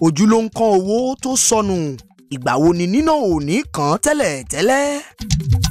ojú ló ń kan owó tó sọnù ìgbà wo ni nínà ò kan kàn án tẹ́lẹ̀tẹ́lẹ̀.